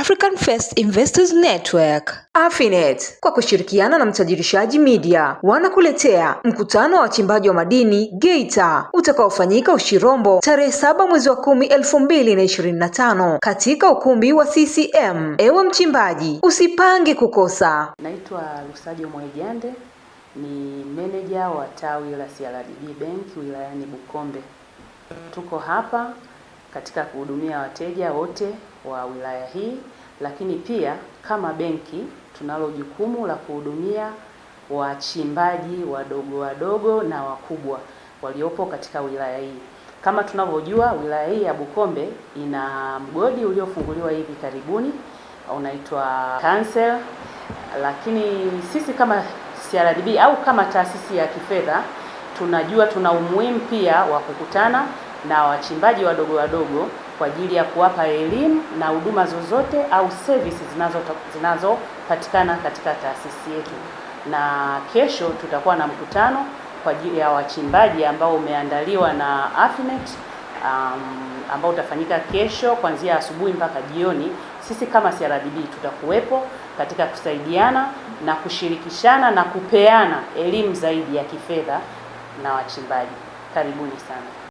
African First Investors Network Afinet kwa kushirikiana na Mtajirishaji Media wanakuletea mkutano wa wachimbaji wa madini Geita utakaofanyika Ushirombo tarehe saba mwezi wa kumi elfu mbili na ishirini na tano katika ukumbi wa CCM. Ewe mchimbaji, usipange kukosa. Naitwa Lusajo Mwaijande, ni meneja wa tawi la CRDB Bank wilayani Bukombe. Tuko hapa katika kuhudumia wateja wote wa wilaya hii, lakini pia kama benki tunalo jukumu la kuhudumia wachimbaji wadogo wadogo na wakubwa waliopo katika wilaya hii. Kama tunavyojua, wilaya hii ya Bukombe ina mgodi uliofunguliwa hivi karibuni unaitwa Kansel, lakini sisi kama CRDB au kama taasisi ya kifedha tunajua tuna umuhimu pia wa kukutana na wachimbaji wadogo wadogo kwa ajili ya kuwapa elimu na huduma zozote au services zinazopatikana katika taasisi yetu, na kesho tutakuwa na mkutano kwa ajili ya wachimbaji ambao umeandaliwa na Afinet um, ambao utafanyika kesho kuanzia asubuhi mpaka jioni. Sisi kama CRDB tutakuwepo katika kusaidiana na kushirikishana na kupeana elimu zaidi ya kifedha na wachimbaji. Karibuni sana.